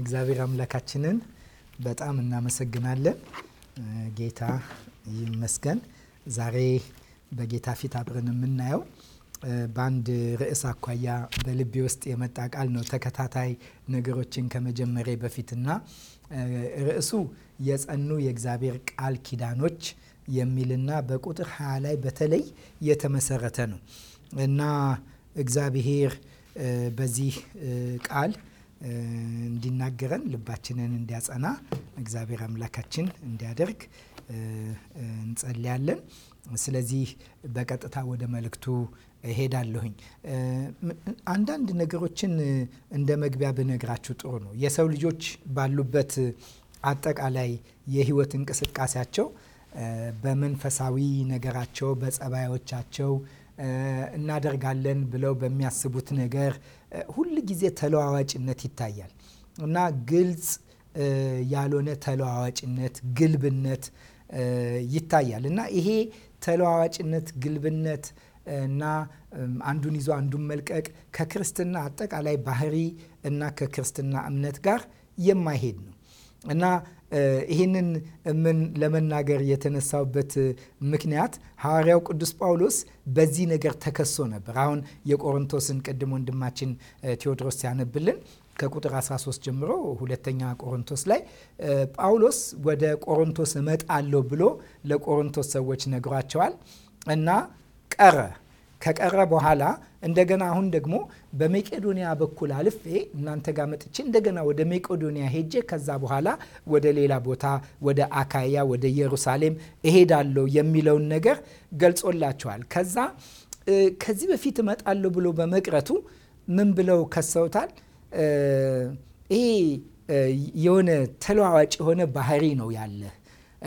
እግዚአብሔር አምላካችንን በጣም እናመሰግናለን። ጌታ ይመስገን። ዛሬ በጌታ ፊት አብረን የምናየው በአንድ ርዕስ አኳያ በልቤ ውስጥ የመጣ ቃል ነው። ተከታታይ ነገሮችን ከመጀመሬ በፊትና ርዕሱ የጸኑ የእግዚአብሔር ቃል ኪዳኖች የሚልና በቁጥር 20 ላይ በተለይ የተመሰረተ ነው እና እግዚአብሔር በዚህ ቃል እንዲናገረን ልባችንን እንዲያጸና እግዚአብሔር አምላካችን እንዲያደርግ እንጸልያለን። ስለዚህ በቀጥታ ወደ መልእክቱ እሄዳለሁኝ። አንዳንድ ነገሮችን እንደ መግቢያ ብነግራችሁ ጥሩ ነው። የሰው ልጆች ባሉበት አጠቃላይ የህይወት እንቅስቃሴያቸው በመንፈሳዊ ነገራቸው፣ በጸባዮቻቸው እናደርጋለን ብለው በሚያስቡት ነገር ሁል ጊዜ ተለዋዋጭነት ይታያል እና ግልጽ ያልሆነ ተለዋዋጭነት፣ ግልብነት ይታያል እና ይሄ ተለዋዋጭነት፣ ግልብነት እና አንዱን ይዞ አንዱን መልቀቅ ከክርስትና አጠቃላይ ባህሪ እና ከክርስትና እምነት ጋር የማይሄድ ነው። እና ይህንን ምን ለመናገር የተነሳበት ምክንያት ሐዋርያው ቅዱስ ጳውሎስ በዚህ ነገር ተከሶ ነበር። አሁን የቆሮንቶስን ቅድም ወንድማችን ቴዎድሮስ ሲያነብልን ከቁጥር 13 ጀምሮ ሁለተኛ ቆሮንቶስ ላይ ጳውሎስ ወደ ቆሮንቶስ እመጣለሁ ብሎ ለቆሮንቶስ ሰዎች ነግሯቸዋል እና ቀረ ከቀረ በኋላ እንደገና አሁን ደግሞ በመቄዶንያ በኩል አልፌ እናንተ ጋር መጥቼ እንደገና ወደ መቄዶንያ ሄጄ ከዛ በኋላ ወደ ሌላ ቦታ ወደ አካያ ወደ ኢየሩሳሌም እሄዳለሁ የሚለውን ነገር ገልጾላቸዋል። ከዛ ከዚህ በፊት እመጣለሁ ብሎ በመቅረቱ ምን ብለው ከሰውታል? ይሄ የሆነ ተለዋዋጭ የሆነ ባህሪ ነው ያለህ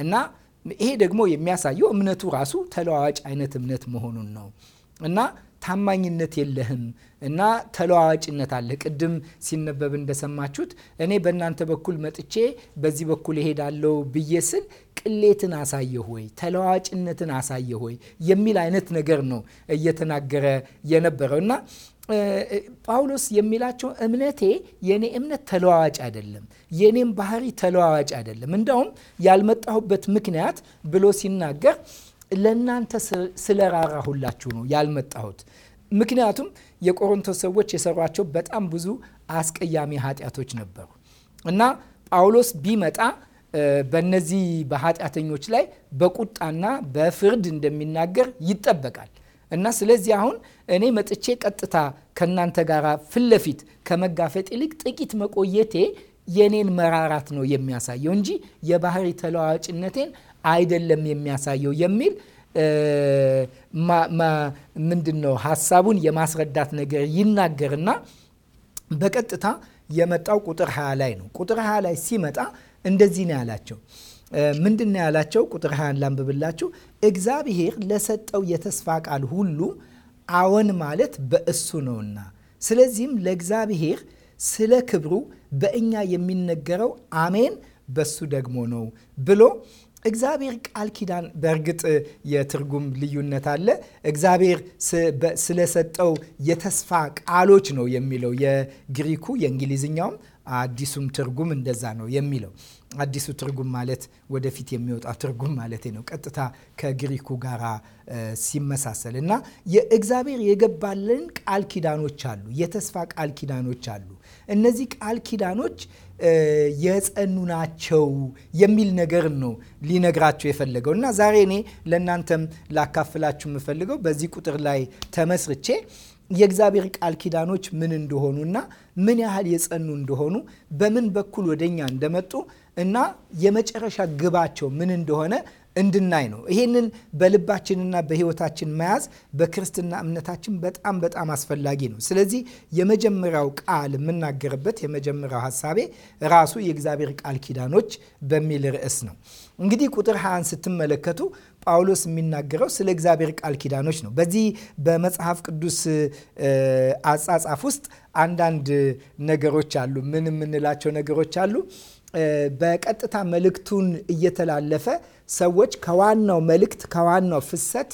እና ይሄ ደግሞ የሚያሳየው እምነቱ ራሱ ተለዋዋጭ አይነት እምነት መሆኑን ነው እና ታማኝነት የለህም እና ተለዋዋጭነት አለ። ቅድም ሲነበብ እንደሰማችሁት እኔ በእናንተ በኩል መጥቼ በዚህ በኩል እሄዳለሁ ብዬ ስል ቅሌትን አሳየሁ ወይ ተለዋዋጭነትን አሳየሁ ወይ የሚል አይነት ነገር ነው እየተናገረ የነበረው እና ጳውሎስ የሚላቸው እምነቴ የእኔ እምነት ተለዋዋጭ አይደለም፣ የኔም ባህሪ ተለዋዋጭ አይደለም። እንዳውም ያልመጣሁበት ምክንያት ብሎ ሲናገር ለእናንተ ስለራራሁላችሁ ነው ያልመጣሁት። ምክንያቱም የቆሮንቶስ ሰዎች የሰሯቸው በጣም ብዙ አስቀያሚ ኃጢአቶች ነበሩ እና ጳውሎስ ቢመጣ በነዚህ በኃጢአተኞች ላይ በቁጣና በፍርድ እንደሚናገር ይጠበቃል እና ስለዚህ አሁን እኔ መጥቼ ቀጥታ ከእናንተ ጋር ፊት ለፊት ከመጋፈጥ ይልቅ ጥቂት መቆየቴ የኔን መራራት ነው የሚያሳየው እንጂ የባህሪ ተለዋዋጭነቴን አይደለም የሚያሳየው የሚል ምንድን ነው ሀሳቡን የማስረዳት ነገር ይናገርና በቀጥታ የመጣው ቁጥር 20 ላይ ነው። ቁጥር 20 ላይ ሲመጣ እንደዚህ ነው ያላቸው። ምንድን ነው ያላቸው? ቁጥር 20 ላንብብላችሁ። እግዚአብሔር ለሰጠው የተስፋ ቃል ሁሉ አዎን ማለት በእሱ ነውና፣ ስለዚህም ለእግዚአብሔር ስለ ክብሩ በእኛ የሚነገረው አሜን በሱ ደግሞ ነው ብሎ እግዚአብሔር ቃል ኪዳን በእርግጥ የትርጉም ልዩነት አለ። እግዚአብሔር ስለሰጠው የተስፋ ቃሎች ነው የሚለው የግሪኩ የእንግሊዝኛውም አዲሱም ትርጉም እንደዛ ነው የሚለው። አዲሱ ትርጉም ማለት ወደፊት የሚወጣ ትርጉም ማለት ነው። ቀጥታ ከግሪኩ ጋር ሲመሳሰል እና የእግዚአብሔር የገባልን ቃል ኪዳኖች አሉ፣ የተስፋ ቃል ኪዳኖች አሉ እነዚህ ቃል ኪዳኖች የጸኑ ናቸው የሚል ነገር ነው ሊነግራቸው የፈለገው እና ዛሬ እኔ ለእናንተም ላካፍላችሁ የምፈልገው በዚህ ቁጥር ላይ ተመስርቼ የእግዚአብሔር ቃል ኪዳኖች ምን እንደሆኑ እና ምን ያህል የጸኑ እንደሆኑ በምን በኩል ወደኛ እንደመጡ እና የመጨረሻ ግባቸው ምን እንደሆነ እንድናይ ነው። ይሄንን በልባችንና በሕይወታችን መያዝ በክርስትና እምነታችን በጣም በጣም አስፈላጊ ነው። ስለዚህ የመጀመሪያው ቃል የምናገርበት የመጀመሪያው ሀሳቤ ራሱ የእግዚአብሔር ቃል ኪዳኖች በሚል ርዕስ ነው። እንግዲህ ቁጥር ሃያን ስትመለከቱ ጳውሎስ የሚናገረው ስለ እግዚአብሔር ቃል ኪዳኖች ነው። በዚህ በመጽሐፍ ቅዱስ አጻጻፍ ውስጥ አንዳንድ ነገሮች አሉ። ምን የምንላቸው ነገሮች አሉ? በቀጥታ መልእክቱን እየተላለፈ ሰዎች ከዋናው መልእክት ከዋናው ፍሰት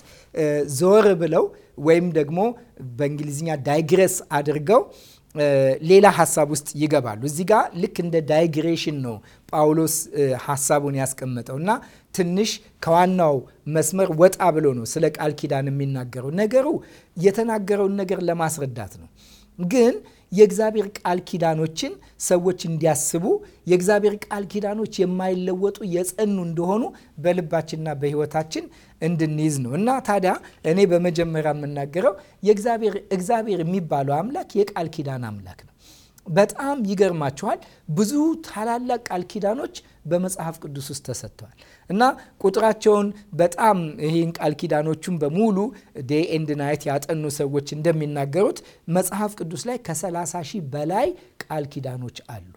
ዞር ብለው ወይም ደግሞ በእንግሊዝኛ ዳይግሬስ አድርገው ሌላ ሀሳብ ውስጥ ይገባሉ። እዚህ ጋር ልክ እንደ ዳይግሬሽን ነው ጳውሎስ ሀሳቡን ያስቀመጠው እና ትንሽ ከዋናው መስመር ወጣ ብሎ ነው ስለ ቃል ኪዳን የሚናገረው። ነገሩ የተናገረውን ነገር ለማስረዳት ነው ግን የእግዚአብሔር ቃል ኪዳኖችን ሰዎች እንዲያስቡ የእግዚአብሔር ቃል ኪዳኖች የማይለወጡ የጸኑ እንደሆኑ በልባችንና በሕይወታችን እንድንይዝ ነው። እና ታዲያ እኔ በመጀመሪያ የምናገረው እግዚአብሔር የሚባለው አምላክ የቃል ኪዳን አምላክ ነው። በጣም ይገርማችኋል ብዙ ታላላቅ ቃል ኪዳኖች በመጽሐፍ ቅዱስ ውስጥ ተሰጥተዋል እና ቁጥራቸውን በጣም ይህን ቃል ኪዳኖቹን በሙሉ ዴይ ኤንድ ናይት ያጠኑ ሰዎች እንደሚናገሩት መጽሐፍ ቅዱስ ላይ ከ30 ሺህ በላይ ቃል ኪዳኖች አሉ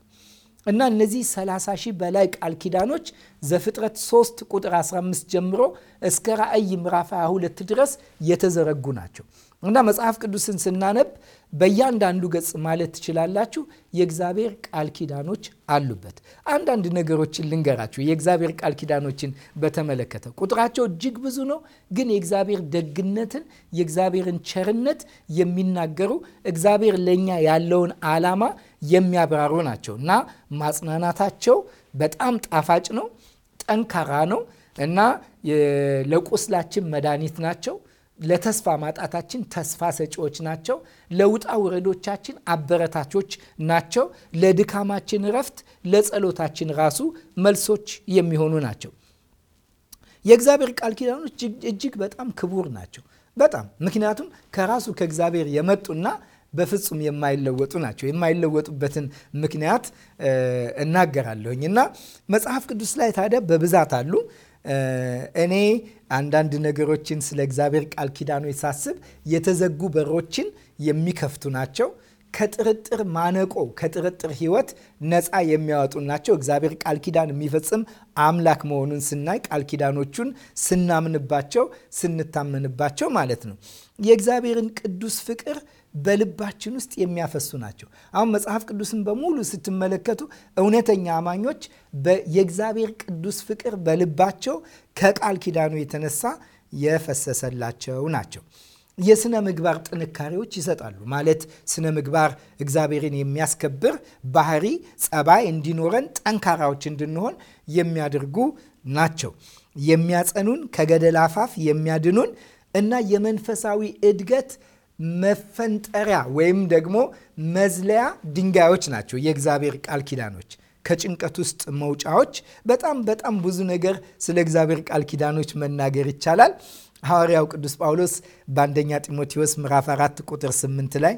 እና እነዚህ 30 ሺህ በላይ ቃል ኪዳኖች ዘፍጥረት 3 ቁጥር 15 ጀምሮ እስከ ራእይ ምዕራፍ 22 ድረስ የተዘረጉ ናቸው። እና መጽሐፍ ቅዱስን ስናነብ በእያንዳንዱ ገጽ ማለት ትችላላችሁ የእግዚአብሔር ቃል ኪዳኖች አሉበት። አንዳንድ ነገሮችን ልንገራችሁ። የእግዚአብሔር ቃል ኪዳኖችን በተመለከተ ቁጥራቸው እጅግ ብዙ ነው፣ ግን የእግዚአብሔር ደግነትን የእግዚአብሔርን ቸርነት የሚናገሩ እግዚአብሔር ለእኛ ያለውን ዓላማ የሚያብራሩ ናቸው እና ማጽናናታቸው በጣም ጣፋጭ ነው፣ ጠንካራ ነው እና ለቁስላችን መድኃኒት ናቸው ለተስፋ ማጣታችን ተስፋ ሰጪዎች ናቸው። ለውጣ ውረዶቻችን አበረታቾች ናቸው። ለድካማችን እረፍት፣ ለጸሎታችን ራሱ መልሶች የሚሆኑ ናቸው። የእግዚአብሔር ቃል ኪዳኖች እጅግ በጣም ክቡር ናቸው። በጣም ምክንያቱም ከራሱ ከእግዚአብሔር የመጡና በፍጹም የማይለወጡ ናቸው። የማይለወጡበትን ምክንያት እናገራለሁኝ እና መጽሐፍ ቅዱስ ላይ ታዲያ በብዛት አሉ። እኔ አንዳንድ ነገሮችን ስለ እግዚአብሔር ቃል ኪዳኖች የሳስብ የተዘጉ በሮችን የሚከፍቱ ናቸው። ከጥርጥር ማነቆ ከጥርጥር ህይወት ነፃ የሚያወጡ ናቸው። እግዚአብሔር ቃል ኪዳን የሚፈጽም አምላክ መሆኑን ስናይ ቃል ኪዳኖቹን ስናምንባቸው፣ ስንታመንባቸው ማለት ነው። የእግዚአብሔርን ቅዱስ ፍቅር በልባችን ውስጥ የሚያፈሱ ናቸው። አሁን መጽሐፍ ቅዱስን በሙሉ ስትመለከቱ እውነተኛ አማኞች የእግዚአብሔር ቅዱስ ፍቅር በልባቸው ከቃል ኪዳኑ የተነሳ የፈሰሰላቸው ናቸው። የስነ ምግባር ጥንካሬዎች ይሰጣሉ። ማለት ስነ ምግባር እግዚአብሔርን የሚያስከብር ባህሪ፣ ጸባይ እንዲኖረን ጠንካራዎች እንድንሆን የሚያደርጉ ናቸው። የሚያጸኑን፣ ከገደል አፋፍ የሚያድኑን እና የመንፈሳዊ እድገት መፈንጠሪያ ወይም ደግሞ መዝለያ ድንጋዮች ናቸው የእግዚአብሔር ቃል ኪዳኖች። ከጭንቀት ውስጥ መውጫዎች። በጣም በጣም ብዙ ነገር ስለ እግዚአብሔር ቃል ኪዳኖች መናገር ይቻላል። ሐዋርያው ቅዱስ ጳውሎስ በአንደኛ ጢሞቴዎስ ምዕራፍ 4 ቁጥር 8 ላይ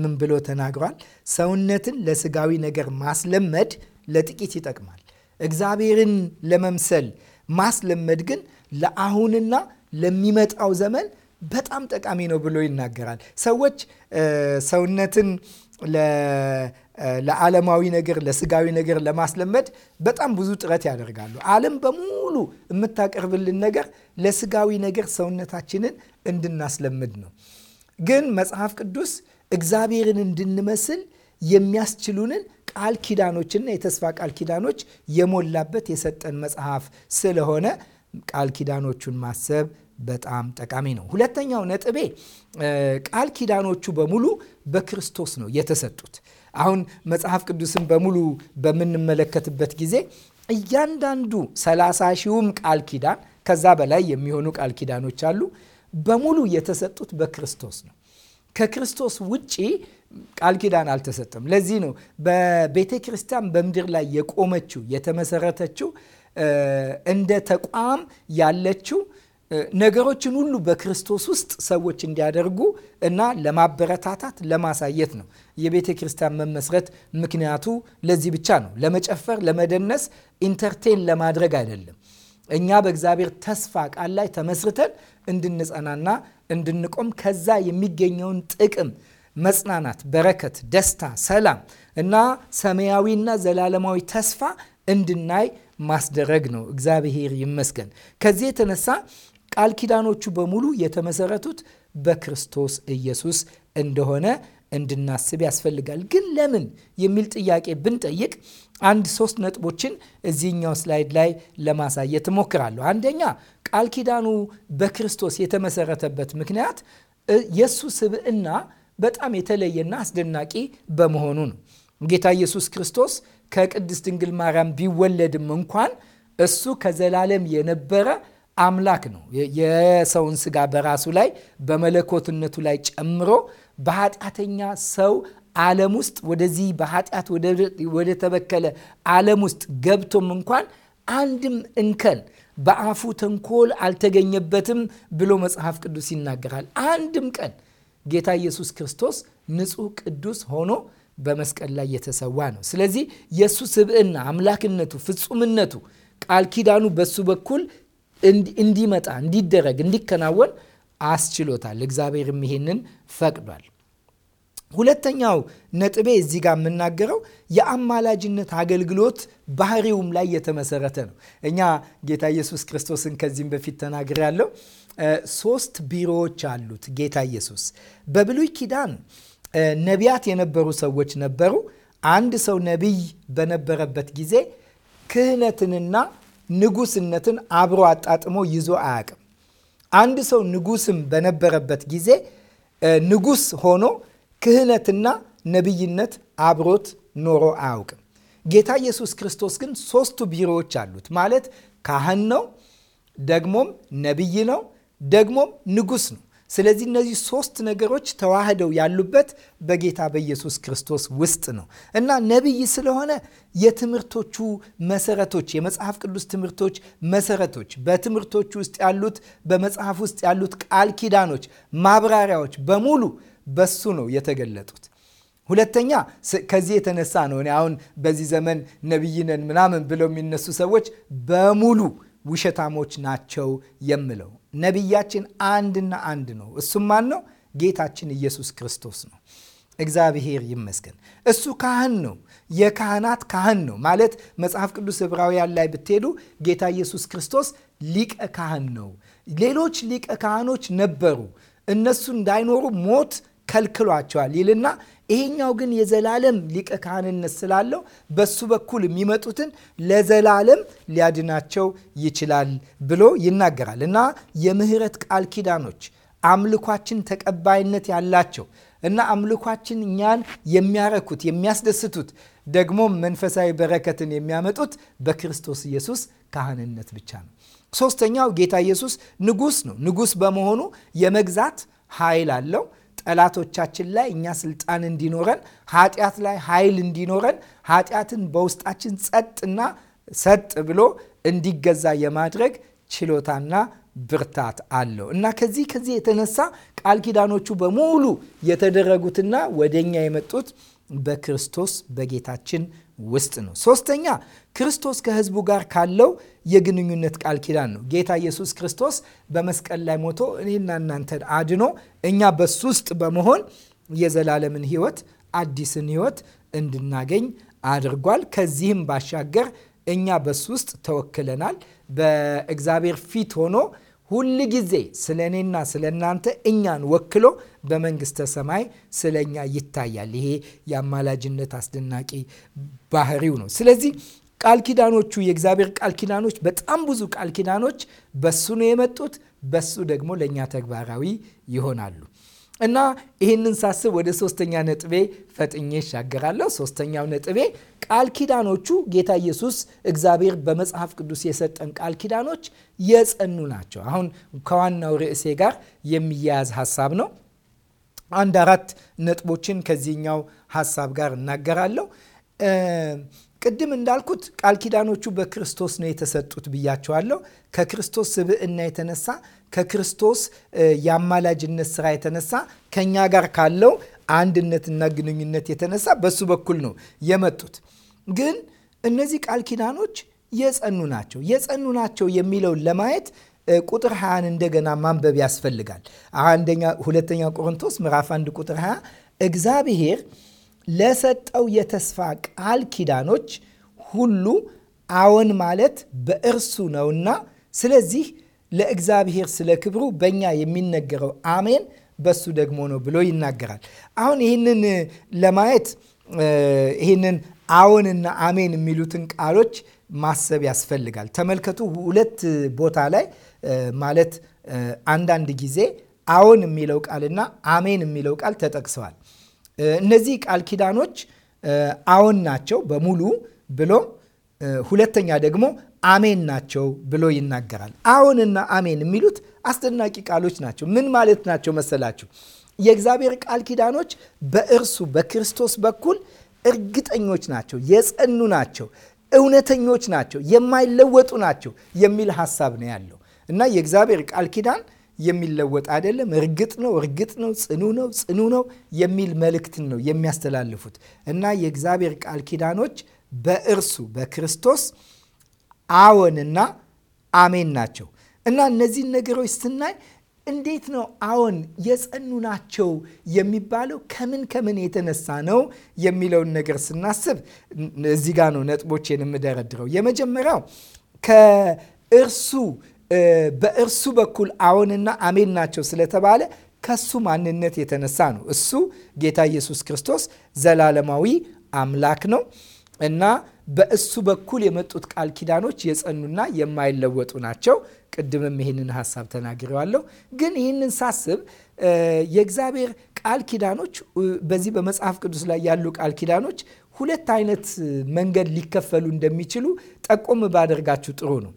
ምን ብሎ ተናግሯል? ሰውነትን ለስጋዊ ነገር ማስለመድ ለጥቂት ይጠቅማል፣ እግዚአብሔርን ለመምሰል ማስለመድ ግን ለአሁንና ለሚመጣው ዘመን በጣም ጠቃሚ ነው ብሎ ይናገራል። ሰዎች ሰውነትን ለዓለማዊ ነገር ለስጋዊ ነገር ለማስለመድ በጣም ብዙ ጥረት ያደርጋሉ። ዓለም በሙሉ የምታቀርብልን ነገር ለስጋዊ ነገር ሰውነታችንን እንድናስለምድ ነው። ግን መጽሐፍ ቅዱስ እግዚአብሔርን እንድንመስል የሚያስችሉንን ቃል ኪዳኖችና የተስፋ ቃል ኪዳኖች የሞላበት የሰጠን መጽሐፍ ስለሆነ ቃል ኪዳኖቹን ማሰብ በጣም ጠቃሚ ነው። ሁለተኛው ነጥቤ ቃል ኪዳኖቹ በሙሉ በክርስቶስ ነው የተሰጡት። አሁን መጽሐፍ ቅዱስን በሙሉ በምንመለከትበት ጊዜ እያንዳንዱ ሰላሳ ሺውም ቃል ኪዳን ከዛ በላይ የሚሆኑ ቃል ኪዳኖች አሉ። በሙሉ የተሰጡት በክርስቶስ ነው። ከክርስቶስ ውጪ ቃል ኪዳን አልተሰጠም። ለዚህ ነው በቤተ ክርስቲያን በምድር ላይ የቆመችው የተመሰረተችው እንደ ተቋም ያለችው ነገሮችን ሁሉ በክርስቶስ ውስጥ ሰዎች እንዲያደርጉ እና ለማበረታታት ለማሳየት ነው። የቤተ ክርስቲያን መመስረት ምክንያቱ ለዚህ ብቻ ነው። ለመጨፈር፣ ለመደነስ፣ ኢንተርቴን ለማድረግ አይደለም። እኛ በእግዚአብሔር ተስፋ ቃል ላይ ተመስርተን እንድንጸናና እንድንቆም ከዛ የሚገኘውን ጥቅም መጽናናት፣ በረከት፣ ደስታ፣ ሰላም እና ሰማያዊና ዘላለማዊ ተስፋ እንድናይ ማስደረግ ነው። እግዚአብሔር ይመስገን። ከዚህ የተነሳ ቃል ኪዳኖቹ በሙሉ የተመሰረቱት በክርስቶስ ኢየሱስ እንደሆነ እንድናስብ ያስፈልጋል። ግን ለምን የሚል ጥያቄ ብንጠይቅ አንድ ሶስት ነጥቦችን እዚህኛው ስላይድ ላይ ለማሳየት እሞክራለሁ። አንደኛ ቃል ኪዳኑ በክርስቶስ የተመሰረተበት ምክንያት የእሱ ስብዕና በጣም የተለየና አስደናቂ በመሆኑ ነው። ጌታ ኢየሱስ ክርስቶስ ከቅድስት ድንግል ማርያም ቢወለድም እንኳን እሱ ከዘላለም የነበረ አምላክ ነው። የሰውን ስጋ በራሱ ላይ በመለኮትነቱ ላይ ጨምሮ በኃጢአተኛ ሰው ዓለም ውስጥ ወደዚህ በኃጢአት ወደ ተበከለ ዓለም ውስጥ ገብቶም እንኳን አንድም እንከን በአፉ ተንኮል አልተገኘበትም ብሎ መጽሐፍ ቅዱስ ይናገራል። አንድም ቀን ጌታ ኢየሱስ ክርስቶስ ንጹሕ ቅዱስ ሆኖ በመስቀል ላይ የተሰዋ ነው። ስለዚህ የእሱ ስብዕና፣ አምላክነቱ፣ ፍጹምነቱ ቃል ኪዳኑ በሱ በኩል እንዲመጣ እንዲደረግ እንዲከናወን አስችሎታል። እግዚአብሔርም ይሄንን ፈቅዷል። ሁለተኛው ነጥቤ እዚህ ጋር የምናገረው የአማላጅነት አገልግሎት ባህሪውም ላይ የተመሰረተ ነው። እኛ ጌታ ኢየሱስ ክርስቶስን ከዚህም በፊት ተናግር ያለው ሶስት ቢሮዎች አሉት ጌታ ኢየሱስ። በብሉይ ኪዳን ነቢያት የነበሩ ሰዎች ነበሩ። አንድ ሰው ነቢይ በነበረበት ጊዜ ክህነትንና ንጉስነትን አብሮ አጣጥሞ ይዞ አያቅም። አንድ ሰው ንጉስም በነበረበት ጊዜ ንጉስ ሆኖ ክህነትና ነቢይነት አብሮት ኖሮ አያውቅም። ጌታ ኢየሱስ ክርስቶስ ግን ሶስቱ ቢሮዎች አሉት። ማለት ካህን ነው፣ ደግሞም ነቢይ ነው፣ ደግሞም ንጉስ ነው። ስለዚህ እነዚህ ሶስት ነገሮች ተዋህደው ያሉበት በጌታ በኢየሱስ ክርስቶስ ውስጥ ነው እና ነቢይ ስለሆነ የትምህርቶቹ መሰረቶች፣ የመጽሐፍ ቅዱስ ትምህርቶች መሰረቶች፣ በትምህርቶቹ ውስጥ ያሉት በመጽሐፍ ውስጥ ያሉት ቃል ኪዳኖች፣ ማብራሪያዎች በሙሉ በሱ ነው የተገለጡት። ሁለተኛ ከዚህ የተነሳ ነው እኔ አሁን በዚህ ዘመን ነቢይነን ምናምን ብለው የሚነሱ ሰዎች በሙሉ ውሸታሞች ናቸው የምለው ነቢያችን አንድና አንድ ነው። እሱም ማን ነው? ጌታችን ኢየሱስ ክርስቶስ ነው። እግዚአብሔር ይመስገን። እሱ ካህን ነው፣ የካህናት ካህን ነው ማለት መጽሐፍ ቅዱስ ዕብራውያን ላይ ብትሄዱ ጌታ ኢየሱስ ክርስቶስ ሊቀ ካህን ነው። ሌሎች ሊቀ ካህኖች ነበሩ፣ እነሱ እንዳይኖሩ ሞት ከልክሏቸዋል ይልና ይሄኛው ግን የዘላለም ሊቀ ካህንነት ስላለው በሱ በኩል የሚመጡትን ለዘላለም ሊያድናቸው ይችላል ብሎ ይናገራል እና የምህረት ቃል ኪዳኖች አምልኳችን ተቀባይነት ያላቸው እና አምልኳችን እኛን የሚያረኩት የሚያስደስቱት ደግሞ መንፈሳዊ በረከትን የሚያመጡት በክርስቶስ ኢየሱስ ካህንነት ብቻ ነው። ሶስተኛው ጌታ ኢየሱስ ንጉስ ነው። ንጉስ በመሆኑ የመግዛት ኃይል አለው። ጠላቶቻችን ላይ እኛ ስልጣን እንዲኖረን፣ ኃጢአት ላይ ኃይል እንዲኖረን፣ ኃጢአትን በውስጣችን ጸጥና ሰጥ ብሎ እንዲገዛ የማድረግ ችሎታና ብርታት አለው እና ከዚህ ከዚህ የተነሳ ቃል ኪዳኖቹ በሙሉ የተደረጉትና ወደኛ የመጡት በክርስቶስ በጌታችን ውስጥ ነው። ሶስተኛ ክርስቶስ ከህዝቡ ጋር ካለው የግንኙነት ቃል ኪዳን ነው። ጌታ ኢየሱስ ክርስቶስ በመስቀል ላይ ሞቶ እኔና እናንተን አድኖ እኛ በሱ ውስጥ በመሆን የዘላለምን ህይወት አዲስን ህይወት እንድናገኝ አድርጓል። ከዚህም ባሻገር እኛ በሱ ውስጥ ተወክለናል። በእግዚአብሔር ፊት ሆኖ ሁል ጊዜ ስለ እኔና ስለ እናንተ እኛን ወክሎ በመንግስተ ሰማይ ስለ እኛ ይታያል። ይሄ የአማላጅነት አስደናቂ ባህሪው ነው። ስለዚህ ቃል ኪዳኖቹ የእግዚአብሔር ቃል ኪዳኖች በጣም ብዙ ቃል ኪዳኖች በሱ ነው የመጡት። በሱ ደግሞ ለእኛ ተግባራዊ ይሆናሉ እና ይህንን ሳስብ ወደ ሶስተኛ ነጥቤ ፈጥኜ ይሻገራለሁ። ሶስተኛው ነጥቤ ቃል ኪዳኖቹ ጌታ ኢየሱስ እግዚአብሔር በመጽሐፍ ቅዱስ የሰጠን ቃል ኪዳኖች የጸኑ ናቸው። አሁን ከዋናው ርዕሴ ጋር የሚያያዝ ሀሳብ ነው። አንድ አራት ነጥቦችን ከዚህኛው ሀሳብ ጋር እናገራለሁ። ቅድም እንዳልኩት ቃል ኪዳኖቹ በክርስቶስ ነው የተሰጡት ብያቸዋለሁ። ከክርስቶስ ስብዕና የተነሳ ከክርስቶስ የአማላጅነት ስራ የተነሳ ከእኛ ጋር ካለው አንድነትና ግንኙነት የተነሳ በሱ በኩል ነው የመጡት። ግን እነዚህ ቃል ኪዳኖች የጸኑ ናቸው። የጸኑ ናቸው የሚለውን ለማየት ቁጥር 20 እንደገና ማንበብ ያስፈልጋል። ሁለተኛ ቆሮንቶስ ምዕራፍ 1 ቁጥር 20 እግዚአብሔር ለሰጠው የተስፋ ቃል ኪዳኖች ሁሉ አዎን ማለት በእርሱ ነውና ስለዚህ ለእግዚአብሔር ስለ ክብሩ በእኛ የሚነገረው አሜን በሱ ደግሞ ነው ብሎ ይናገራል። አሁን ይህንን ለማየት ይህንን አዎንና አሜን የሚሉትን ቃሎች ማሰብ ያስፈልጋል። ተመልከቱ፣ ሁለት ቦታ ላይ ማለት አንዳንድ ጊዜ አዎን የሚለው ቃልና አሜን የሚለው ቃል ተጠቅሰዋል። እነዚህ ቃል ኪዳኖች አዎን ናቸው በሙሉ ብሎ ሁለተኛ ደግሞ አሜን ናቸው ብሎ ይናገራል። አዎንና አሜን የሚሉት አስደናቂ ቃሎች ናቸው። ምን ማለት ናቸው መሰላችሁ? የእግዚአብሔር ቃል ኪዳኖች በእርሱ በክርስቶስ በኩል እርግጠኞች ናቸው፣ የጸኑ ናቸው፣ እውነተኞች ናቸው፣ የማይለወጡ ናቸው የሚል ሀሳብ ነው ያለው እና የእግዚአብሔር ቃል ኪዳን የሚለወጥ አይደለም። እርግጥ ነው፣ እርግጥ ነው፣ ጽኑ ነው፣ ጽኑ ነው የሚል መልእክትን ነው የሚያስተላልፉት እና የእግዚአብሔር ቃል ኪዳኖች በእርሱ በክርስቶስ አዎንና አሜን ናቸው እና እነዚህን ነገሮች ስናይ እንዴት ነው አዎን የጸኑ ናቸው የሚባለው? ከምን ከምን የተነሳ ነው የሚለውን ነገር ስናስብ እዚህ ጋ ነው ነጥቦቼን የምደረድረው። የመጀመሪያው ከእርሱ በእርሱ በኩል አዎንና አሜን ናቸው ስለተባለ ከሱ ማንነት የተነሳ ነው። እሱ ጌታ ኢየሱስ ክርስቶስ ዘላለማዊ አምላክ ነው እና በእሱ በኩል የመጡት ቃል ኪዳኖች የጸኑና የማይለወጡ ናቸው። ቅድምም ይህንን ሀሳብ ተናግሬዋለሁ። ግን ይህንን ሳስብ የእግዚአብሔር ቃል ኪዳኖች በዚህ በመጽሐፍ ቅዱስ ላይ ያሉ ቃል ኪዳኖች ሁለት አይነት መንገድ ሊከፈሉ እንደሚችሉ ጠቆም ባደርጋችሁ ጥሩ ነው።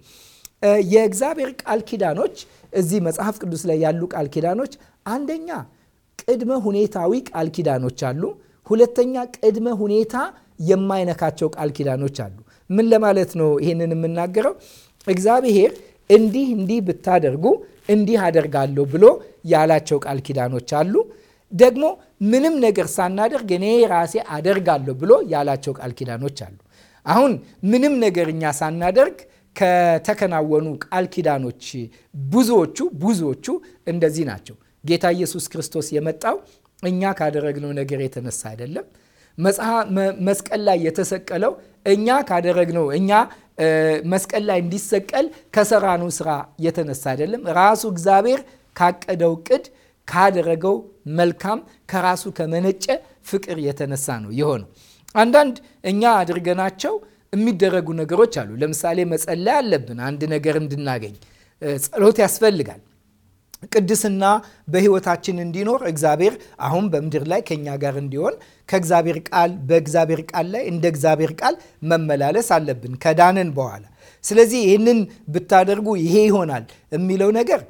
የእግዚአብሔር ቃል ኪዳኖች እዚህ መጽሐፍ ቅዱስ ላይ ያሉ ቃል ኪዳኖች አንደኛ ቅድመ ሁኔታዊ ቃል ኪዳኖች አሉ። ሁለተኛ ቅድመ ሁኔታ የማይነካቸው ቃል ኪዳኖች አሉ። ምን ለማለት ነው ይሄንን የምናገረው? እግዚአብሔር እንዲህ እንዲህ ብታደርጉ እንዲህ አደርጋለሁ ብሎ ያላቸው ቃል ኪዳኖች አሉ። ደግሞ ምንም ነገር ሳናደርግ እኔ ራሴ አደርጋለሁ ብሎ ያላቸው ቃል ኪዳኖች አሉ። አሁን ምንም ነገር እኛ ሳናደርግ ከተከናወኑ ቃል ኪዳኖች ብዙዎቹ ብዙዎቹ እንደዚህ ናቸው። ጌታ ኢየሱስ ክርስቶስ የመጣው እኛ ካደረግነው ነገር የተነሳ አይደለም። መስቀል ላይ የተሰቀለው እኛ ካደረግነው እኛ መስቀል ላይ እንዲሰቀል ከሰራነው ስራ የተነሳ አይደለም። ራሱ እግዚአብሔር ካቀደው ቅድ ካደረገው መልካም ከራሱ ከመነጨ ፍቅር የተነሳ ነው የሆነው። አንዳንድ እኛ አድርገናቸው የሚደረጉ ነገሮች አሉ። ለምሳሌ መጸለይ አለብን። አንድ ነገር እንድናገኝ ጸሎት ያስፈልጋል። ቅድስና በህይወታችን እንዲኖር እግዚአብሔር አሁን በምድር ላይ ከኛ ጋር እንዲሆን ከእግዚአብሔር ቃል በእግዚአብሔር ቃል ላይ እንደ እግዚአብሔር ቃል መመላለስ አለብን ከዳንን በኋላ። ስለዚህ ይህንን ብታደርጉ ይሄ ይሆናል የሚለው ነገር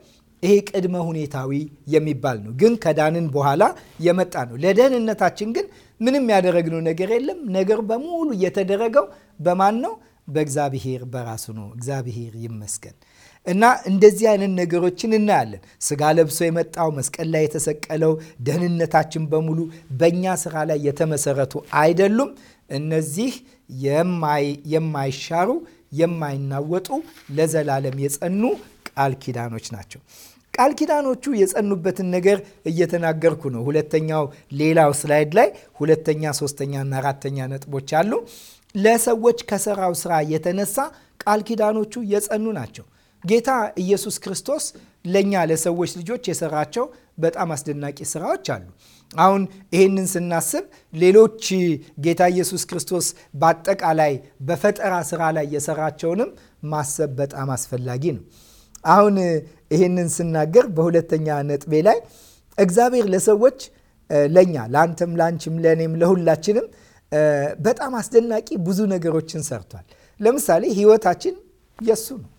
ይሄ ቅድመ ሁኔታዊ የሚባል ነው፣ ግን ከዳንን በኋላ የመጣ ነው። ለደህንነታችን ግን ምንም ያደረግነው ነገር የለም። ነገር በሙሉ እየተደረገው በማን ነው? በእግዚአብሔር በራሱ ነው። እግዚአብሔር ይመስገን። እና እንደዚህ አይነት ነገሮችን እናያለን። ስጋ ለብሶ የመጣው መስቀል ላይ የተሰቀለው ደህንነታችን በሙሉ በእኛ ስራ ላይ የተመሰረቱ አይደሉም። እነዚህ የማይሻሩ የማይናወጡ ለዘላለም የጸኑ ቃል ኪዳኖች ናቸው። ቃል ኪዳኖቹ የጸኑበትን ነገር እየተናገርኩ ነው። ሁለተኛው ሌላው ስላይድ ላይ ሁለተኛ፣ ሶስተኛ እና አራተኛ ነጥቦች አሉ። ለሰዎች ከሰራው ስራ የተነሳ ቃል ኪዳኖቹ የጸኑ ናቸው። ጌታ ኢየሱስ ክርስቶስ ለእኛ ለሰዎች ልጆች የሰራቸው በጣም አስደናቂ ስራዎች አሉ። አሁን ይህንን ስናስብ ሌሎች ጌታ ኢየሱስ ክርስቶስ በአጠቃላይ በፈጠራ ስራ ላይ የሰራቸውንም ማሰብ በጣም አስፈላጊ ነው። አሁን ይህንን ስናገር በሁለተኛ ነጥቤ ላይ እግዚአብሔር ለሰዎች ለእኛ ለአንተም፣ ላንችም ለእኔም፣ ለሁላችንም በጣም አስደናቂ ብዙ ነገሮችን ሰርቷል። ለምሳሌ ህይወታችን የሱ ነው።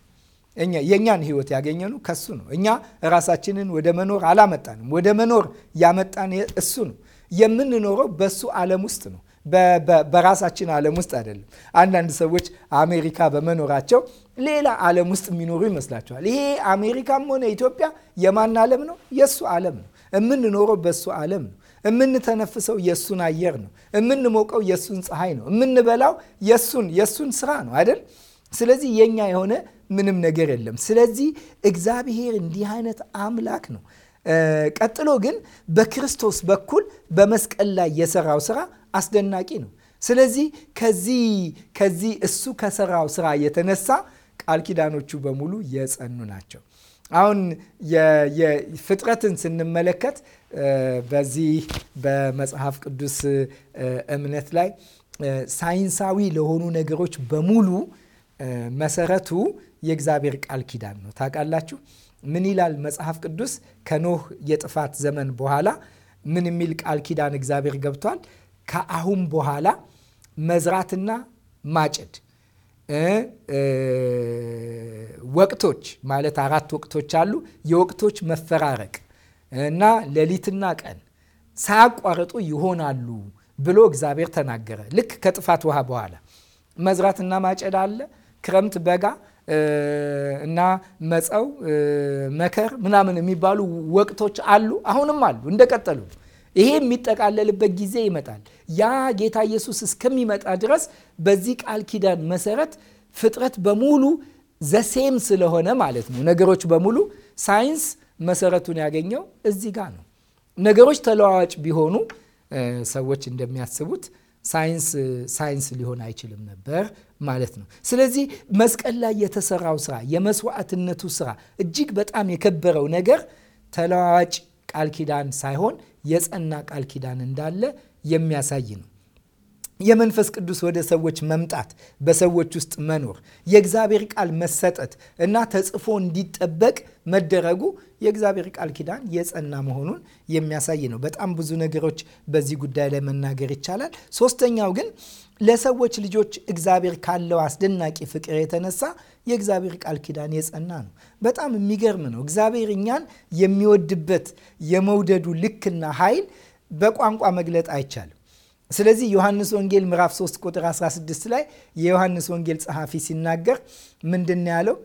እኛ የእኛን ህይወት ያገኘነው ከሱ ነው። እኛ ራሳችንን ወደ መኖር አላመጣንም። ወደ መኖር ያመጣን እሱ ነው። የምንኖረው በሱ ዓለም ውስጥ ነው። በራሳችን ዓለም ውስጥ አይደለም። አንዳንድ ሰዎች አሜሪካ በመኖራቸው ሌላ ዓለም ውስጥ የሚኖሩ ይመስላቸዋል። ይሄ አሜሪካም ሆነ ኢትዮጵያ የማን ዓለም ነው? የእሱ ዓለም ነው። የምንኖረው በሱ ዓለም ነው። የምንተነፍሰው የእሱን አየር ነው። የምንሞቀው የእሱን ፀሐይ ነው። የምንበላው የእሱን የእሱን ስራ ነው አይደል? ስለዚህ የኛ የሆነ ምንም ነገር የለም። ስለዚህ እግዚአብሔር እንዲህ አይነት አምላክ ነው። ቀጥሎ ግን በክርስቶስ በኩል በመስቀል ላይ የሰራው ስራ አስደናቂ ነው። ስለዚህ ከዚህ ከዚህ እሱ ከሰራው ስራ የተነሳ ቃል ኪዳኖቹ በሙሉ የጸኑ ናቸው። አሁን ፍጥረትን ስንመለከት በዚህ በመጽሐፍ ቅዱስ እምነት ላይ ሳይንሳዊ ለሆኑ ነገሮች በሙሉ መሰረቱ የእግዚአብሔር ቃል ኪዳን ነው። ታውቃላችሁ ምን ይላል መጽሐፍ ቅዱስ? ከኖህ የጥፋት ዘመን በኋላ ምን የሚል ቃል ኪዳን እግዚአብሔር ገብቷል? ከአሁን በኋላ መዝራትና ማጨድ ወቅቶች ማለት አራት ወቅቶች አሉ። የወቅቶች መፈራረቅ እና ሌሊትና ቀን ሳያቋርጡ ይሆናሉ ብሎ እግዚአብሔር ተናገረ። ልክ ከጥፋት ውሃ በኋላ መዝራትና ማጨድ አለ። ክረምት፣ በጋ እና መጸው፣ መከር ምናምን የሚባሉ ወቅቶች አሉ። አሁንም አሉ እንደቀጠሉ ይሄ የሚጠቃለልበት ጊዜ ይመጣል። ያ ጌታ ኢየሱስ እስከሚመጣ ድረስ በዚህ ቃል ኪዳን መሰረት ፍጥረት በሙሉ ዘሴም ስለሆነ ማለት ነው። ነገሮች በሙሉ ሳይንስ መሰረቱን ያገኘው እዚህ ጋር ነው። ነገሮች ተለዋዋጭ ቢሆኑ ሰዎች እንደሚያስቡት ሳይንስ ሳይንስ ሊሆን አይችልም ነበር ማለት ነው። ስለዚህ መስቀል ላይ የተሰራው ስራ የመስዋዕትነቱ ስራ እጅግ በጣም የከበረው ነገር ተለዋዋጭ ቃል ኪዳን ሳይሆን የጸና ቃል ኪዳን እንዳለ የሚያሳይ ነው። የመንፈስ ቅዱስ ወደ ሰዎች መምጣት፣ በሰዎች ውስጥ መኖር፣ የእግዚአብሔር ቃል መሰጠት እና ተጽፎ እንዲጠበቅ መደረጉ የእግዚአብሔር ቃል ኪዳን የጸና መሆኑን የሚያሳይ ነው። በጣም ብዙ ነገሮች በዚህ ጉዳይ ላይ መናገር ይቻላል። ሶስተኛው ግን ለሰዎች ልጆች እግዚአብሔር ካለው አስደናቂ ፍቅር የተነሳ የእግዚአብሔር ቃል ኪዳን የጸና ነው። በጣም የሚገርም ነው። እግዚአብሔር እኛን የሚወድበት የመውደዱ ልክና ኃይል በቋንቋ መግለጥ አይቻልም። ስለዚህ ዮሐንስ ወንጌል ምዕራፍ 3 ቁጥር 16 ላይ የዮሐንስ ወንጌል ጸሐፊ ሲናገር ምንድን ነው ያለው?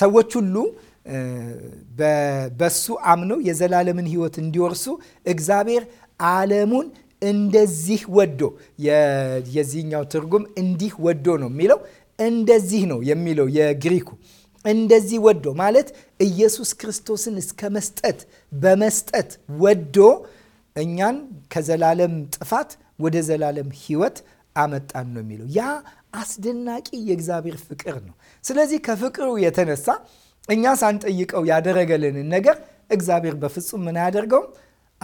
ሰዎች ሁሉ በሱ አምነው የዘላለምን ሕይወት እንዲወርሱ እግዚአብሔር ዓለሙን እንደዚህ ወዶ የዚህኛው ትርጉም እንዲህ ወዶ ነው የሚለው እንደዚህ ነው የሚለው የግሪኩ እንደዚህ ወዶ ማለት ኢየሱስ ክርስቶስን እስከ መስጠት በመስጠት ወዶ እኛን ከዘላለም ጥፋት ወደ ዘላለም ሕይወት አመጣን ነው የሚለው። ያ አስደናቂ የእግዚአብሔር ፍቅር ነው። ስለዚህ ከፍቅሩ የተነሳ እኛ ሳንጠይቀው ያደረገልንን ነገር እግዚአብሔር በፍጹም ምን አያደርገውም፣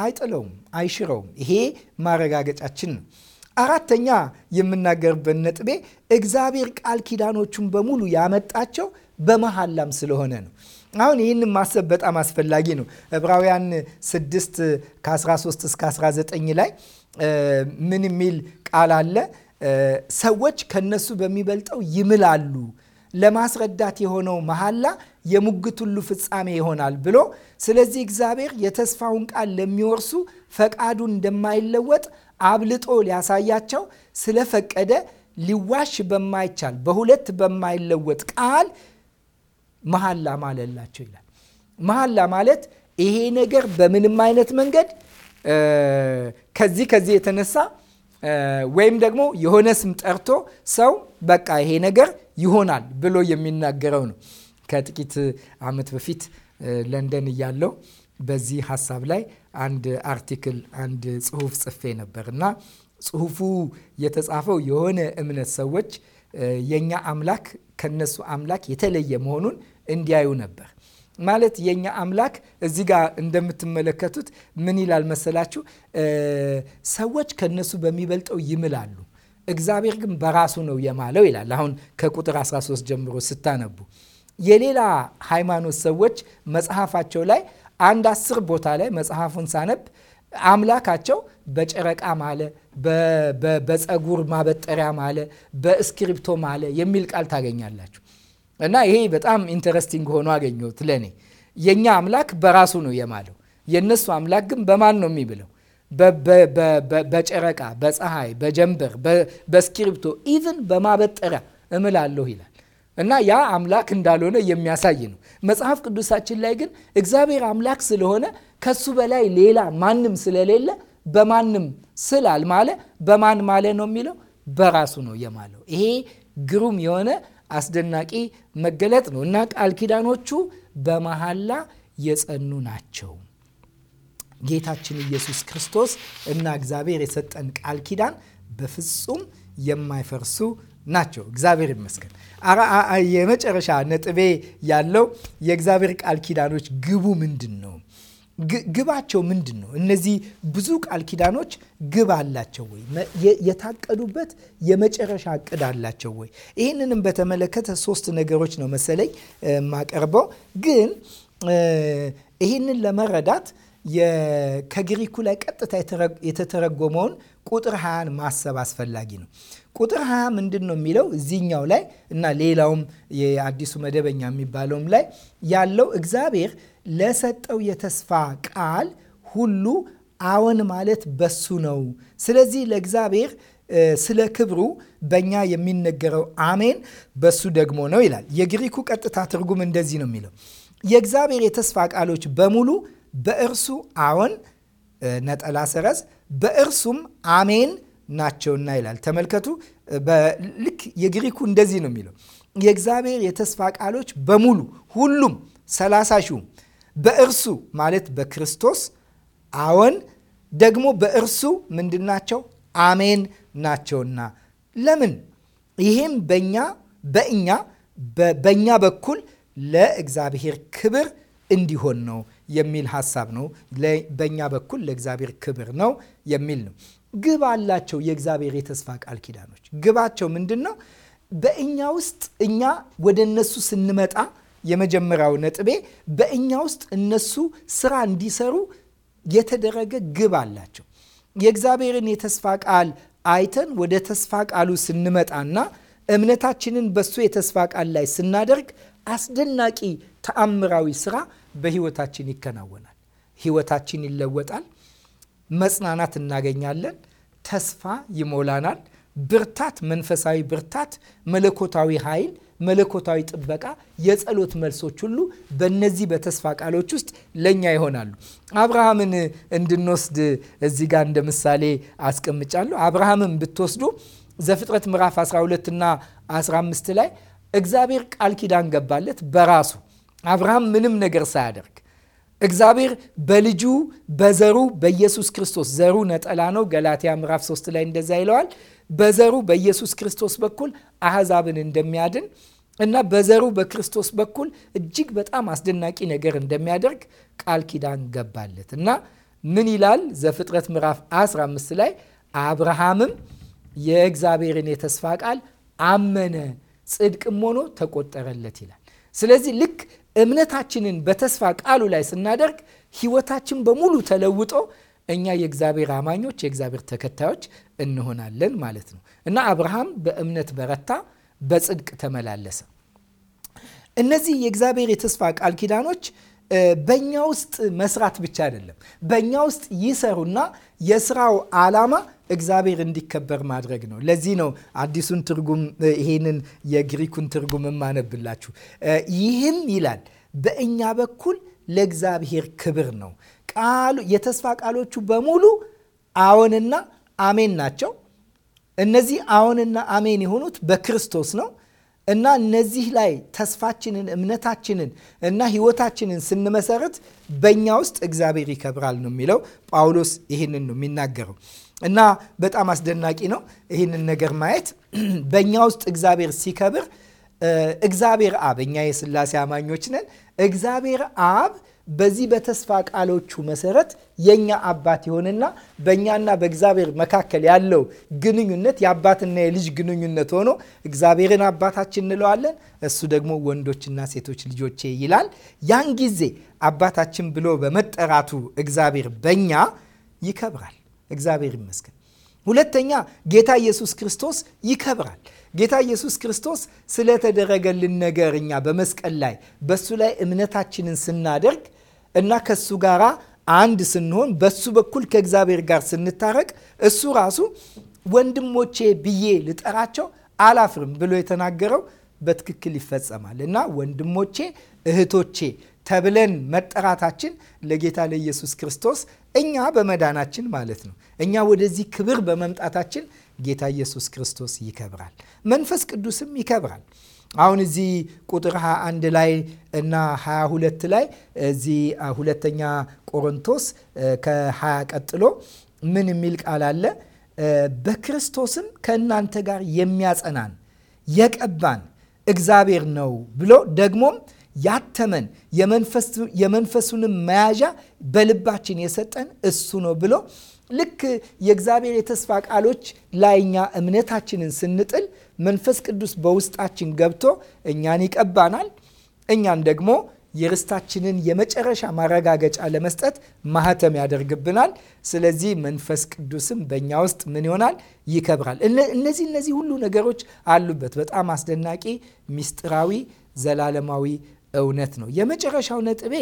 አይጥለውም፣ አይሽረውም። ይሄ ማረጋገጫችን ነው። አራተኛ የምናገርበት ነጥቤ እግዚአብሔር ቃል ኪዳኖቹን በሙሉ ያመጣቸው በመሐላም ስለሆነ ነው። አሁን ይህን ማሰብ በጣም አስፈላጊ ነው። ዕብራውያን 6 ከ13 እስከ 19 ላይ ምን የሚል ቃል አለ? ሰዎች ከነሱ በሚበልጠው ይምላሉ ለማስረዳት የሆነው መሐላ የሙግት ሁሉ ፍጻሜ ይሆናል ብሎ ስለዚህ እግዚአብሔር የተስፋውን ቃል ለሚወርሱ ፈቃዱ እንደማይለወጥ አብልጦ ሊያሳያቸው ስለፈቀደ ሊዋሽ በማይቻል በሁለት በማይለወጥ ቃል መሐላ ማለላቸው ይላል። መሐላ ማለት ይሄ ነገር በምንም አይነት መንገድ ከዚህ ከዚህ የተነሳ ወይም ደግሞ የሆነ ስም ጠርቶ ሰው በቃ ይሄ ነገር ይሆናል ብሎ የሚናገረው ነው። ከጥቂት ዓመት በፊት ለንደን እያለው በዚህ ሀሳብ ላይ አንድ አርቲክል አንድ ጽሁፍ ጽፌ ነበር እና ጽሁፉ የተጻፈው የሆነ እምነት ሰዎች የእኛ አምላክ ከነሱ አምላክ የተለየ መሆኑን እንዲያዩ ነበር። ማለት የእኛ አምላክ እዚህ ጋር እንደምትመለከቱት ምን ይላል መሰላችሁ? ሰዎች ከነሱ በሚበልጠው ይምላሉ፣ እግዚአብሔር ግን በራሱ ነው የማለው ይላል። አሁን ከቁጥር 13 ጀምሮ ስታነቡ የሌላ ሃይማኖት ሰዎች መጽሐፋቸው ላይ አንድ አስር ቦታ ላይ መጽሐፉን ሳነብ አምላካቸው በጨረቃ ማለ፣ በፀጉር ማበጠሪያ ማለ፣ በእስክሪፕቶ ማለ የሚል ቃል ታገኛላችሁ። እና ይሄ በጣም ኢንተረስቲንግ ሆኖ አገኘሁት ለእኔ። የእኛ አምላክ በራሱ ነው የማለው፣ የእነሱ አምላክ ግን በማን ነው የሚብለው? በጨረቃ፣ በፀሐይ፣ በጀንበር፣ በእስክሪብቶ ኢቭን በማበጠሪያ እምላለሁ ይላል። እና ያ አምላክ እንዳልሆነ የሚያሳይ ነው። መጽሐፍ ቅዱሳችን ላይ ግን እግዚአብሔር አምላክ ስለሆነ ከሱ በላይ ሌላ ማንም ስለሌለ በማንም ስላል ማለ በማን ማለ ነው የሚለው በራሱ ነው የማለው። ይሄ ግሩም የሆነ አስደናቂ መገለጥ ነው እና ቃል ኪዳኖቹ በመሐላ የጸኑ ናቸው። ጌታችን ኢየሱስ ክርስቶስ እና እግዚአብሔር የሰጠን ቃል ኪዳን በፍጹም የማይፈርሱ ናቸው። እግዚአብሔር ይመስገን። የመጨረሻ ነጥቤ ያለው የእግዚአብሔር ቃል ኪዳኖች ግቡ ምንድን ነው? ግባቸው ምንድን ነው? እነዚህ ብዙ ቃል ኪዳኖች ግብ አላቸው ወይ? የታቀዱበት የመጨረሻ እቅድ አላቸው ወይ? ይህንንም በተመለከተ ሶስት ነገሮች ነው መሰለኝ የማቀርበው። ግን ይህንን ለመረዳት ከግሪኩ ላይ ቀጥታ የተተረጎመውን ቁጥር ሃያን ማሰብ አስፈላጊ ነው። ቁጥር 20 ምንድን ነው የሚለው? እዚኛው ላይ እና ሌላውም የአዲሱ መደበኛ የሚባለውም ላይ ያለው እግዚአብሔር ለሰጠው የተስፋ ቃል ሁሉ አዎን ማለት በሱ ነው። ስለዚህ ለእግዚአብሔር ስለ ክብሩ በእኛ የሚነገረው አሜን በሱ ደግሞ ነው ይላል። የግሪኩ ቀጥታ ትርጉም እንደዚህ ነው የሚለው የእግዚአብሔር የተስፋ ቃሎች በሙሉ በእርሱ አዎን ነጠላ ሰረዝ በእርሱም አሜን ናቸውና ይላል። ተመልከቱ። ልክ የግሪኩ እንደዚህ ነው የሚለው የእግዚአብሔር የተስፋ ቃሎች በሙሉ ሁሉም ሰላሳ ሺሁም በእርሱ ማለት በክርስቶስ አዎን፣ ደግሞ በእርሱ ምንድናቸው? አሜን ናቸውና። ለምን ይህም በእኛ በእኛ በእኛ በኩል ለእግዚአብሔር ክብር እንዲሆን ነው የሚል ሀሳብ ነው። በእኛ በኩል ለእግዚአብሔር ክብር ነው የሚል ነው። ግብ አላቸው። የእግዚአብሔር የተስፋ ቃል ኪዳኖች ግባቸው ምንድን ነው? በእኛ ውስጥ እኛ ወደ እነሱ ስንመጣ የመጀመሪያው ነጥቤ በእኛ ውስጥ እነሱ ስራ እንዲሰሩ የተደረገ ግብ አላቸው። የእግዚአብሔርን የተስፋ ቃል አይተን ወደ ተስፋ ቃሉ ስንመጣና እምነታችንን በሱ የተስፋ ቃል ላይ ስናደርግ አስደናቂ ተአምራዊ ስራ በህይወታችን ይከናወናል። ህይወታችን ይለወጣል። መጽናናት እናገኛለን። ተስፋ ይሞላናል። ብርታት፣ መንፈሳዊ ብርታት፣ መለኮታዊ ኃይል፣ መለኮታዊ ጥበቃ፣ የጸሎት መልሶች ሁሉ በእነዚህ በተስፋ ቃሎች ውስጥ ለእኛ ይሆናሉ። አብርሃምን እንድንወስድ እዚህ ጋር እንደ ምሳሌ አስቀምጫለሁ። አብርሃምን ብትወስዱ ዘፍጥረት ምዕራፍ 12 እና 15 ላይ እግዚአብሔር ቃል ኪዳን ገባለት በራሱ አብርሃም ምንም ነገር ሳያደርግ እግዚአብሔር በልጁ በዘሩ በኢየሱስ ክርስቶስ ዘሩ ነጠላ ነው። ገላትያ ምዕራፍ 3 ላይ እንደዛ ይለዋል። በዘሩ በኢየሱስ ክርስቶስ በኩል አህዛብን እንደሚያድን እና በዘሩ በክርስቶስ በኩል እጅግ በጣም አስደናቂ ነገር እንደሚያደርግ ቃል ኪዳን ገባለት እና ምን ይላል ዘፍጥረት ምዕራፍ 15 ላይ አብርሃምም የእግዚአብሔርን የተስፋ ቃል አመነ፣ ጽድቅም ሆኖ ተቆጠረለት ይላል። ስለዚህ ልክ እምነታችንን በተስፋ ቃሉ ላይ ስናደርግ ህይወታችን በሙሉ ተለውጦ እኛ የእግዚአብሔር አማኞች የእግዚአብሔር ተከታዮች እንሆናለን ማለት ነው እና አብርሃም በእምነት በረታ፣ በጽድቅ ተመላለሰ። እነዚህ የእግዚአብሔር የተስፋ ቃል ኪዳኖች በእኛ ውስጥ መስራት ብቻ አይደለም። በእኛ ውስጥ ይሰሩና የስራው ዓላማ እግዚአብሔር እንዲከበር ማድረግ ነው። ለዚህ ነው አዲሱን ትርጉም ይሄንን የግሪኩን ትርጉም የማነብላችሁ። ይህም ይላል በእኛ በኩል ለእግዚአብሔር ክብር ነው። ቃሉ የተስፋ ቃሎቹ በሙሉ አዎንና አሜን ናቸው። እነዚህ አዎንና አሜን የሆኑት በክርስቶስ ነው። እና እነዚህ ላይ ተስፋችንን እምነታችንን እና ህይወታችንን ስንመሰረት በእኛ ውስጥ እግዚአብሔር ይከብራል ነው የሚለው ጳውሎስ ይህንን ነው የሚናገረው። እና በጣም አስደናቂ ነው ይህንን ነገር ማየት። በእኛ ውስጥ እግዚአብሔር ሲከብር እግዚአብሔር አብ እኛ የስላሴ አማኞች ነን። እግዚአብሔር አብ በዚህ በተስፋ ቃሎቹ መሰረት የእኛ አባት የሆነና በእኛና በእግዚአብሔር መካከል ያለው ግንኙነት የአባትና የልጅ ግንኙነት ሆኖ እግዚአብሔርን አባታችን እንለዋለን፣ እሱ ደግሞ ወንዶችና ሴቶች ልጆቼ ይላል። ያን ጊዜ አባታችን ብሎ በመጠራቱ እግዚአብሔር በእኛ ይከብራል። እግዚአብሔር ይመስገን። ሁለተኛ ጌታ ኢየሱስ ክርስቶስ ይከብራል። ጌታ ኢየሱስ ክርስቶስ ስለተደረገልን ነገር እኛ በመስቀል ላይ በሱ ላይ እምነታችንን ስናደርግ እና ከሱ ጋር አንድ ስንሆን በሱ በኩል ከእግዚአብሔር ጋር ስንታረቅ እሱ ራሱ ወንድሞቼ ብዬ ልጠራቸው አላፍርም ብሎ የተናገረው በትክክል ይፈጸማል እና ወንድሞቼ እህቶቼ ተብለን መጠራታችን ለጌታ ለኢየሱስ ክርስቶስ እኛ በመዳናችን ማለት ነው። እኛ ወደዚህ ክብር በመምጣታችን ጌታ ኢየሱስ ክርስቶስ ይከብራል፣ መንፈስ ቅዱስም ይከብራል። አሁን እዚህ ቁጥር 21 ላይ እና 22 ላይ እዚህ ሁለተኛ ቆሮንቶስ ከ20 ቀጥሎ ምን የሚል ቃል አለ? በክርስቶስም ከእናንተ ጋር የሚያጸናን የቀባን እግዚአብሔር ነው ብሎ ደግሞም ያተመን የመንፈሱንም መያዣ በልባችን የሰጠን እሱ ነው ብሎ ልክ የእግዚአብሔር የተስፋ ቃሎች ላይ እኛ እምነታችንን ስንጥል መንፈስ ቅዱስ በውስጣችን ገብቶ እኛን ይቀባናል። እኛን ደግሞ የርስታችንን የመጨረሻ ማረጋገጫ ለመስጠት ማህተም ያደርግብናል። ስለዚህ መንፈስ ቅዱስም በእኛ ውስጥ ምን ይሆናል? ይከብራል። እነዚህ እነዚህ ሁሉ ነገሮች አሉበት። በጣም አስደናቂ ሚስጥራዊ ዘላለማዊ እውነት ነው። የመጨረሻው ነጥቤ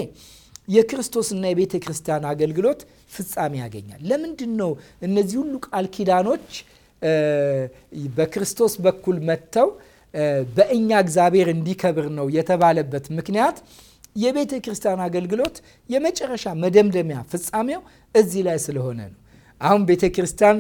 የክርስቶስና የቤተ ክርስቲያን አገልግሎት ፍጻሜ ያገኛል። ለምንድን ነው እነዚህ ሁሉ ቃል ኪዳኖች በክርስቶስ በኩል መጥተው በእኛ እግዚአብሔር እንዲከብር ነው የተባለበት ምክንያት የቤተ ክርስቲያን አገልግሎት የመጨረሻ መደምደሚያ ፍጻሜው እዚህ ላይ ስለሆነ ነው። አሁን ቤተ ክርስቲያን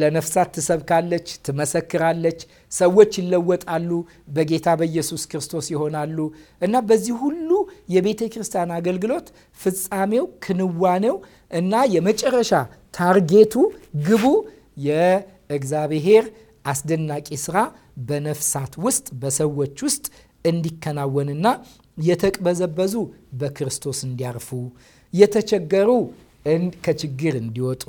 ለነፍሳት ትሰብካለች፣ ትመሰክራለች፣ ሰዎች ይለወጣሉ፣ በጌታ በኢየሱስ ክርስቶስ ይሆናሉ እና በዚህ ሁሉ የቤተ ክርስቲያን አገልግሎት ፍጻሜው፣ ክንዋኔው እና የመጨረሻ ታርጌቱ፣ ግቡ የእግዚአብሔር አስደናቂ ስራ በነፍሳት ውስጥ በሰዎች ውስጥ እንዲከናወንና የተቅበዘበዙ በክርስቶስ እንዲያርፉ የተቸገሩ ከችግር እንዲወጡ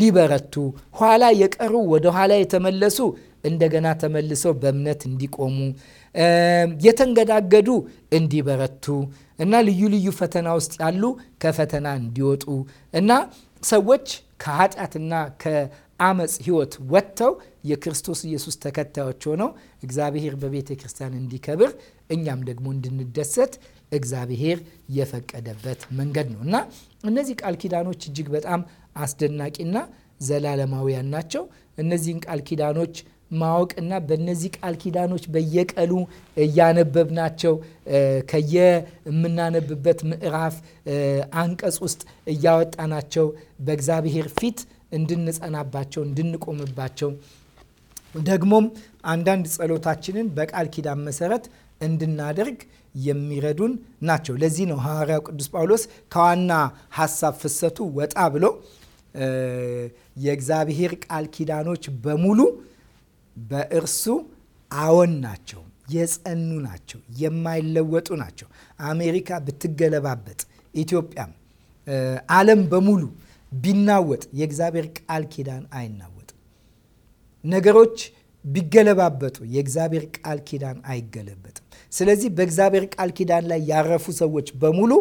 ሊበረቱ፣ ኋላ የቀሩ ወደኋላ የተመለሱ እንደገና ተመልሰው በእምነት እንዲቆሙ፣ የተንገዳገዱ እንዲበረቱ እና ልዩ ልዩ ፈተና ውስጥ ያሉ ከፈተና እንዲወጡ እና ሰዎች ከኃጢአትና ከአመፅ ህይወት ወጥተው የክርስቶስ ኢየሱስ ተከታዮች ሆነው እግዚአብሔር በቤተ ክርስቲያን እንዲከብር እኛም ደግሞ እንድንደሰት እግዚአብሔር የፈቀደበት መንገድ ነው እና እነዚህ ቃል ኪዳኖች እጅግ በጣም አስደናቂና ዘላለማውያን ናቸው። እነዚህን ቃል ኪዳኖች ማወቅና በእነዚህ ቃል ኪዳኖች በየቀኑ እያነበብናቸው ከየምናነብበት ምዕራፍ አንቀጽ ውስጥ እያወጣናቸው በእግዚአብሔር ፊት እንድንጸናባቸው እንድንቆምባቸው ደግሞም አንዳንድ ጸሎታችንን በቃል ኪዳን መሰረት እንድናደርግ የሚረዱን ናቸው። ለዚህ ነው ሐዋርያው ቅዱስ ጳውሎስ ከዋና ሀሳብ ፍሰቱ ወጣ ብሎ የእግዚአብሔር ቃል ኪዳኖች በሙሉ በእርሱ አዎን ናቸው፣ የጸኑ ናቸው፣ የማይለወጡ ናቸው። አሜሪካ ብትገለባበጥ፣ ኢትዮጵያም፣ ዓለም በሙሉ ቢናወጥ የእግዚአብሔር ቃል ኪዳን አይናወጥም። ነገሮች ቢገለባበጡ የእግዚአብሔር ቃል ኪዳን አይገለበጥም። ስለዚህ በእግዚአብሔር ቃል ኪዳን ላይ ያረፉ ሰዎች በሙሉ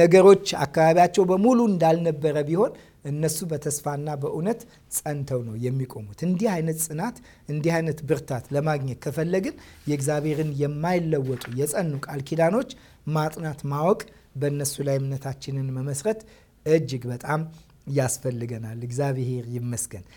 ነገሮች አካባቢያቸው በሙሉ እንዳልነበረ ቢሆን እነሱ በተስፋና በእውነት ጸንተው ነው የሚቆሙት። እንዲህ አይነት ጽናት፣ እንዲህ አይነት ብርታት ለማግኘት ከፈለግን የእግዚአብሔርን የማይለወጡ የጸኑ ቃል ኪዳኖች ማጥናት፣ ማወቅ፣ በእነሱ ላይ እምነታችንን መመስረት እጅግ በጣም ያስፈልገናል። እግዚአብሔር ይመስገን።